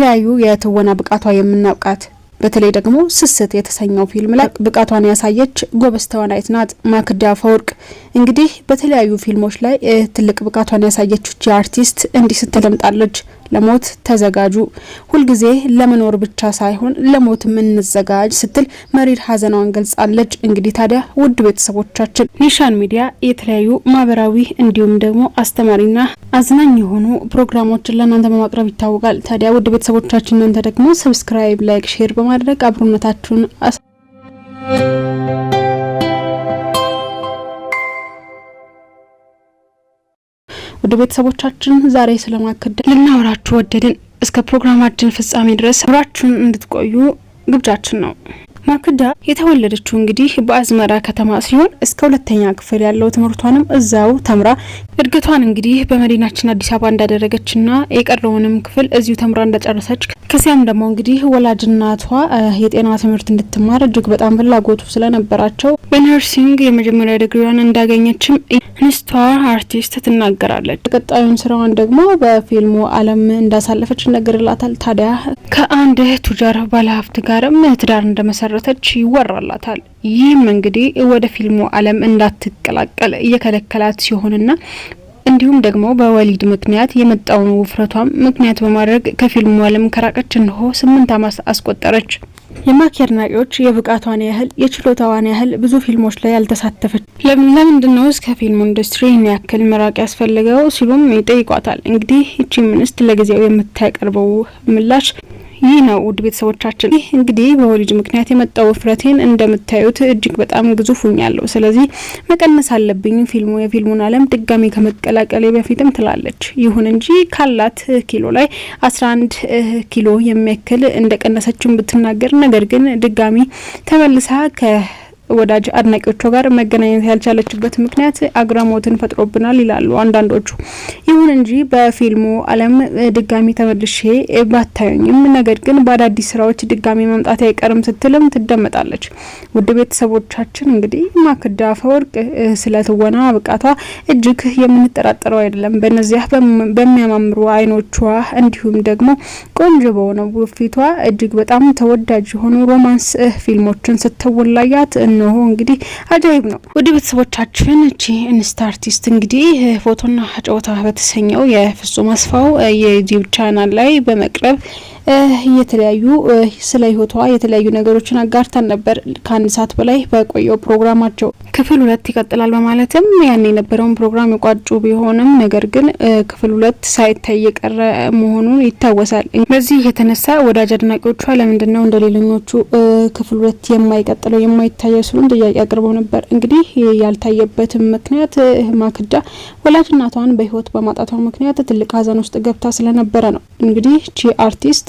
በተለያዩ የትወና ብቃቷ የምናውቃት በተለይ ደግሞ ስስት የተሰኘው ፊልም ላይ ብቃቷን ያሳየች ጎበዝ ተዋናይት ናት ማክዳ ፈወርቅ። እንግዲህ በተለያዩ ፊልሞች ላይ ትልቅ ብቃቷን ያሳየች አርቲስት እንዲህ ስትለምጣለች። ለሞት ተዘጋጁ፣ ሁልጊዜ ለመኖር ብቻ ሳይሆን ለሞት ምንዘጋጅ ስትል መሪር ሀዘናዋን ገልጻለች። እንግዲህ ታዲያ ውድ ቤተሰቦቻችን ኒሻን ሚዲያ የተለያዩ ማህበራዊ እንዲሁም ደግሞ አስተማሪና አዝናኝ የሆኑ ፕሮግራሞችን ለእናንተ በማቅረብ ይታወቃል። ታዲያ ውድ ቤተሰቦቻችን እናንተ ደግሞ ሰብስክራይብ፣ ላይክ፣ ሼር በማድረግ አብሮነታችሁን ውድ ቤተሰቦቻችን ዛሬ ስለማከደን ልናወራችሁ ወደድን። እስከ ፕሮግራማችን ፍጻሜ ድረስ አብራችሁን እንድትቆዩ ግብዣችን ነው። ማክዳ የተወለደችው እንግዲህ በአዝመራ ከተማ ሲሆን እስከ ሁለተኛ ክፍል ያለው ትምህርቷንም እዛው ተምራ እድገቷን እንግዲህ በመዲናችን አዲስ አበባ እንዳደረገችና የቀረውንም ክፍል እዚሁ ተምራ እንደጨረሰች ከዚያም ደግሞ እንግዲህ ወላጅናቷ የጤና ትምህርት እንድትማር እጅግ በጣም ፍላጎቱ ስለነበራቸው በነርሲንግ የመጀመሪያ ድግሪዋን እንዳገኘችም ንስቷ አርቲስት ትናገራለች። ቀጣዩን ስራዋን ደግሞ በፊልሙ ዓለም እንዳሳለፈች ይነገርላታል። ታዲያ ከአንድ ቱጃር ባለሀብት ጋርም ትዳር እንደመሰረ እንደመሰረተች ይወራላታል። ይህም እንግዲህ ወደ ፊልሙ አለም እንዳትቀላቀል እየከለከላት ሲሆንና እንዲሁም ደግሞ በወሊድ ምክንያት የመጣውን ውፍረቷም ምክንያት በማድረግ ከፊልሙ አለም ከራቀች እንሆ ስምንት ዓመት አስቆጠረች። የማኪ አድናቂዎች የብቃቷን ያህል የችሎታዋን ያህል ብዙ ፊልሞች ላይ ያልተሳተፈች ለምንድን ነው እስከ ፊልሙ ኢንዱስትሪ ይህን ያክል መራቅ ያስፈልገው ሲሉም ይጠይቋታል። እንግዲህ ይቺ ሚኒስት ለጊዜው የምታቀርበው ምላሽ ይህ ነው ውድ ቤተሰቦቻችን። ይህ እንግዲህ በወሊድ ምክንያት የመጣው ውፍረቴን እንደምታዩት እጅግ በጣም ግዙፍ ያለው ስለዚህ መቀነስ አለብኝ ፊልሙ የፊልሙን ዓለም ድጋሚ ከመቀላቀሌ በፊትም ትላለች። ይሁን እንጂ ካላት ኪሎ ላይ 11 ኪሎ የሚያክል እንደቀነሰችውን ብትናገር ነገር ግን ድጋሚ ተመልሳ ከ ወዳጅ አድናቂዎቿ ጋር መገናኘት ያልቻለችበት ምክንያት አግራሞትን ፈጥሮብናል ይላሉ አንዳንዶቹ። ይሁን እንጂ በፊልሙ ዓለም ድጋሚ ተመልሼ ባታዩኝም ነገር ግን በአዳዲስ ስራዎች ድጋሚ መምጣት አይቀርም ስትልም ትደመጣለች። ውድ ቤተሰቦቻችን እንግዲህ ማክዳ አፈወርቅ ስለ ትወና ብቃቷ እጅግ የምንጠራጠረው አይደለም። በነዚያ በሚያማምሩ አይኖቿ እንዲሁም ደግሞ ቆንጆ በሆነው ፊቷ እጅግ በጣም ተወዳጅ የሆኑ ሮማንስ ፊልሞችን ስትወላያት እነሆ እንግዲህ አጃይብ ነው። ወደ ቤተሰቦቻችን እቺ እንስት አርቲስት እንግዲህ ፎቶና ጨዋታ በተሰኘው የፍጹም አስፋው የዩቲዩብ ቻናል ላይ በመቅረብ የተለያዩ ስለ ህይወቷ የተለያዩ ነገሮችን አጋርተን ነበር ከአንድ ሰዓት በላይ በቆየው ፕሮግራማቸው። ክፍል ሁለት ይቀጥላል በማለትም ያን የነበረውን ፕሮግራም የቋጩ ቢሆንም ነገር ግን ክፍል ሁለት ሳይታይ የቀረ መሆኑን ይታወሳል። በዚህ የተነሳ ወዳጅ አድናቂዎቿ ለምንድን ነው እንደ ሌለኞቹ ክፍል ሁለት የማይቀጥለው የማይታየው ሲሉም ጥያቄ አቅርበው ነበር። እንግዲህ ያልታየበትም ምክንያት ማክዳ ወላጅ እናቷን በህይወት በማጣቷ ምክንያት ትልቅ ሀዘን ውስጥ ገብታ ስለነበረ ነው። እንግዲህ ቺ አርቲስት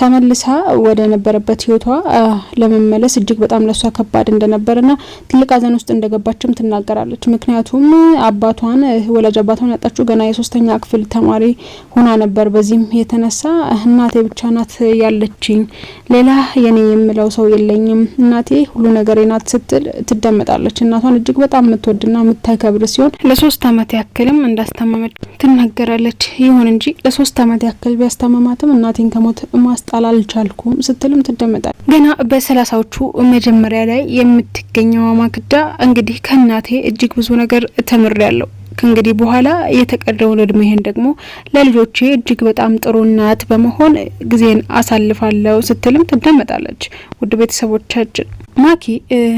ተመልሳ ወደ ነበረበት ህይወቷ ለመመለስ እጅግ በጣም ለሷ ከባድ እንደነበረና ትልቅ ሀዘን ውስጥ እንደገባችም ትናገራለች። ምክንያቱም አባቷን ወላጅ አባቷን ያጣችው ገና የሶስተኛ ክፍል ተማሪ ሆና ነበር። በዚህም የተነሳ እናቴ ብቻ ናት ያለችኝ፣ ሌላ የኔ የምለው ሰው የለኝም፣ እናቴ ሁሉ ነገሬ ናት ስትል ትደመጣለች። እናቷን እጅግ በጣም የምትወድና የምታከብር ሲሆን ለሶስት አመት ያክልም እንዳስታመመች ትናገራለች። ይሁን እንጂ ለሶስት አመት ያክል ቢያስታመማትም እናቴን ከሞት ማስ ልጣል አልቻልኩም ስትልም ትደመጣል። ገና በሰላሳዎቹ መጀመሪያ ላይ የምትገኘው ማክዳ እንግዲህ ከእናቴ እጅግ ብዙ ነገር ተምሬያለሁ ከእንግዲህ በኋላ የተቀረውን እድሜህን ደግሞ ለልጆቼ እጅግ በጣም ጥሩ እናት በመሆን ጊዜን አሳልፋለሁ ስትልም ትደመጣለች። ውድ ቤተሰቦቻችን ማኪ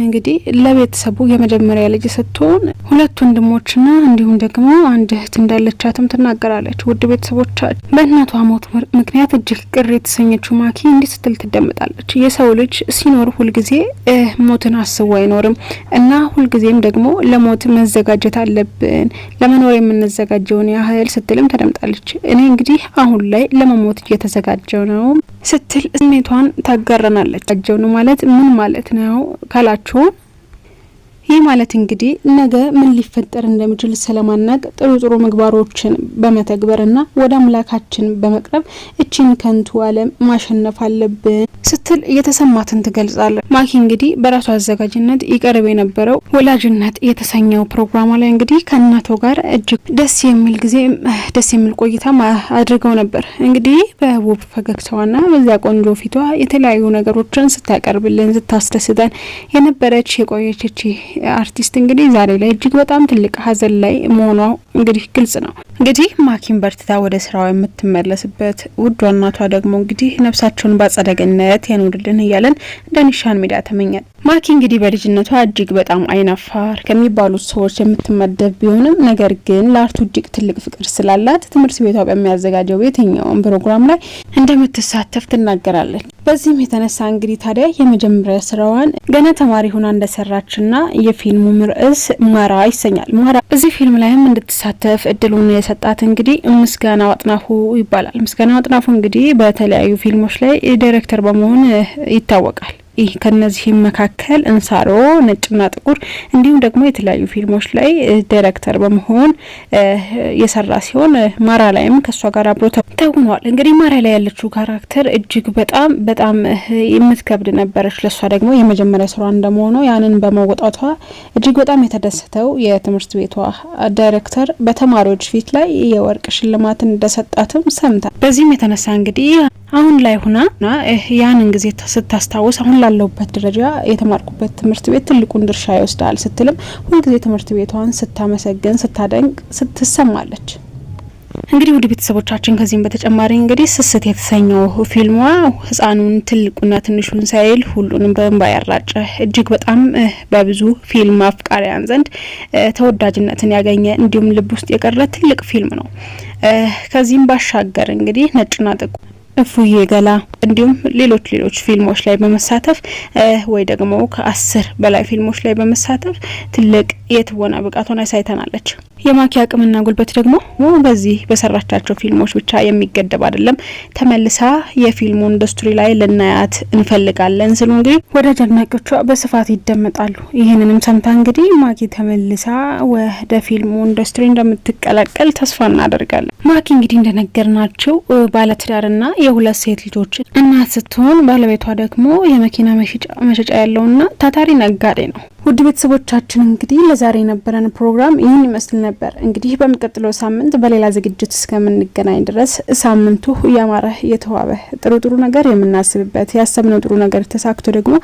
እንግዲህ ለቤተሰቡ የመጀመሪያ ልጅ ስትሆን ሁለት ወንድሞችና እንዲሁም ደግሞ አንድ እህት እንዳለቻትም ትናገራለች። ውድ ቤተሰቦቻችን በእናቷ ሞት ምክንያት እጅግ ቅር የተሰኘችው ማኪ እንዲህ ስትል ትደመጣለች። የሰው ልጅ ሲኖር ሁልጊዜ ሞትን አስቦ አይኖርም እና ሁልጊዜም ደግሞ ለሞት መዘጋጀት አለብን። ለመኖር የምንዘጋጀውን ያህል ስትልም ተደምጣለች። እኔ እንግዲህ አሁን ላይ ለመሞት እየተዘጋጀው ነው ስትል ስሜቷን ታጋረናለች። ነው ማለት ምን ማለት ነው ካላችሁ ይህ ማለት እንግዲህ ነገ ምን ሊፈጠር እንደሚችል ስለማናቅ ጥሩ ጥሩ ምግባሮችን በመተግበርና ወደ አምላካችን በመቅረብ እቺን ከንቱ ዓለም ማሸነፍ አለብን ስትል እየተሰማትን ትገልጻለች። ማኪ እንግዲህ በራሱ አዘጋጅነት ይቀርብ የነበረው ወላጅነት የተሰኘው ፕሮግራሟ ላይ እንግዲህ ከእናቷ ጋር እጅግ ደስ የሚል ጊዜ ደስ የሚል ቆይታ አድርገው ነበር። እንግዲህ በውብ ፈገግታዋና በዚያ ቆንጆ ፊቷ የተለያዩ ነገሮችን ስታቀርብልን ስታስደስተን የነበረች የቆየች አርቲስት እንግዲህ ዛሬ ላይ እጅግ በጣም ትልቅ ሀዘን ላይ መሆኗ እንግዲህ ግልጽ ነው። እንግዲህ ማኪን በርትታ ወደ ስራዋ የምትመለስበት ውዷ እናቷ ደግሞ እንግዲህ ነፍሳቸውን በአጸደ ገነት ያኑርልን እያለን እንደ ኒሻን ሜዳ ተመኛል። ማኪ እንግዲህ በልጅነቷ እጅግ በጣም አይናፋር ከሚባሉት ሰዎች የምትመደብ ቢሆንም ነገር ግን ለአርቱ እጅግ ትልቅ ፍቅር ስላላት ትምህርት ቤቷ በሚያዘጋጀው የትኛውን ፕሮግራም ላይ እንደምትሳተፍ ትናገራለች። በዚህም የተነሳ እንግዲህ ታዲያ የመጀመሪያ ስራዋን ገና ተማሪ ሆና እንደሰራችና የፊልሙ ርዕስ ማራ ይሰኛል። ማራ እዚህ ፊልም ላይም እንድትሳተፍ እድሉን የሰጣት እንግዲህ ምስጋናው አጥናፉ ይባላል። ምስጋናው አጥናፉ እንግዲህ በተለያዩ ፊልሞች ላይ ዳይሬክተር በመሆን ይታወቃል። ይህ ከነዚህም መካከል እንሳሮ፣ ነጭና ጥቁር እንዲሁም ደግሞ የተለያዩ ፊልሞች ላይ ዳይሬክተር በመሆን የሰራ ሲሆን ማራ ላይም ከእሷ ጋር አብሮ ተውኗል። እንግዲህ ማራ ላይ ያለችው ካራክተር እጅግ በጣም በጣም የምትከብድ ነበረች። ለእሷ ደግሞ የመጀመሪያ ስራ እንደመሆኑ ያንን በመወጣቷ እጅግ በጣም የተደሰተው የትምህርት ቤቷ ዳይሬክተር በተማሪዎች ፊት ላይ የወርቅ ሽልማትን እንደሰጣትም ሰምታል። በዚህም የተነሳ እንግዲህ አሁን ላይ ሁና ያንን ጊዜ ስታስታውስ አሁን ላለሁበት ደረጃ የተማርኩበት ትምህርት ቤት ትልቁን ድርሻ ይወስዳል ስትልም ሁልጊዜ ትምህርት ቤቷን ስታመሰግን፣ ስታደንቅ ስትሰማለች። እንግዲህ ውድ ቤተሰቦቻችን ከዚህም በተጨማሪ እንግዲህ ስስት የተሰኘው ፊልሟ ህጻኑን ትልቁና ትንሹን ሳይል ሁሉንም በእንባ ያራጨ እጅግ በጣም በብዙ ፊልም አፍቃሪያን ዘንድ ተወዳጅነትን ያገኘ እንዲሁም ልብ ውስጥ የቀረ ትልቅ ፊልም ነው። ከዚህም ባሻገር እንግዲህ ነጭና ጥቁር እፉዬ ገላ እንዲሁም ሌሎች ሌሎች ፊልሞች ላይ በመሳተፍ ወይ ደግሞ ከአስር በላይ ፊልሞች ላይ በመሳተፍ ትልቅ የትወና ብቃቷን አሳይታናለች። የማኪ አቅምና ጉልበት ደግሞ በዚህ በሰራቻቸው ፊልሞች ብቻ የሚገደብ አይደለም። ተመልሳ የፊልሙ ኢንዱስትሪ ላይ ልናያት እንፈልጋለን ስሉ እንግዲህ ወዳጅ አድናቂዎቿ በስፋት ይደመጣሉ። ይህንንም ሰምታ እንግዲህ ማኪ ተመልሳ ወደ ፊልሙ ኢንዱስትሪ እንደምትቀላቀል ተስፋ እናደርጋለን። ማኪ እንግዲህ እንደነገርናቸው ባለትዳርና የሁለት ሴት ልጆች እናት ስትሆን ባለቤቷ ደግሞ የመኪና መሸጫ ያለውና ታታሪ ነጋዴ ነው። ውድ ቤተሰቦቻችን እንግዲህ ለዛሬ የነበረን ፕሮግራም ይህን ይመስል ነበር። እንግዲህ በሚቀጥለው ሳምንት በሌላ ዝግጅት እስከምንገናኝ ድረስ ሳምንቱ ያማረ የተዋበ ጥሩ ጥሩ ነገር የምናስብበት ያሰብነው ጥሩ ነገር ተሳክቶ ደግሞ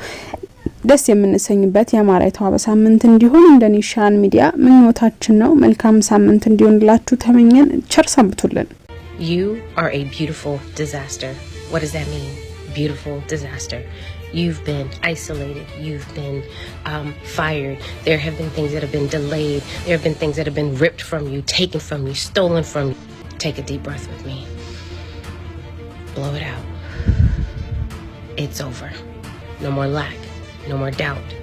ደስ የምንሰኝበት የአማራ የተዋበ ሳምንት እንዲሆን እንደ ኒሻን ሚዲያ ምኞታችን ነው። መልካም ሳምንት እንዲሆንላችሁ ተመኘን። ቸር ሰንብቱልን። You are a beautiful disaster. What does that mean? Beautiful disaster. You've been isolated. You've been um, fired. There have been things that have been delayed. There have been things that have been ripped from you, taken from you, stolen from you. Take a deep breath with me. Blow it out. It's over. No more lack. No more doubt.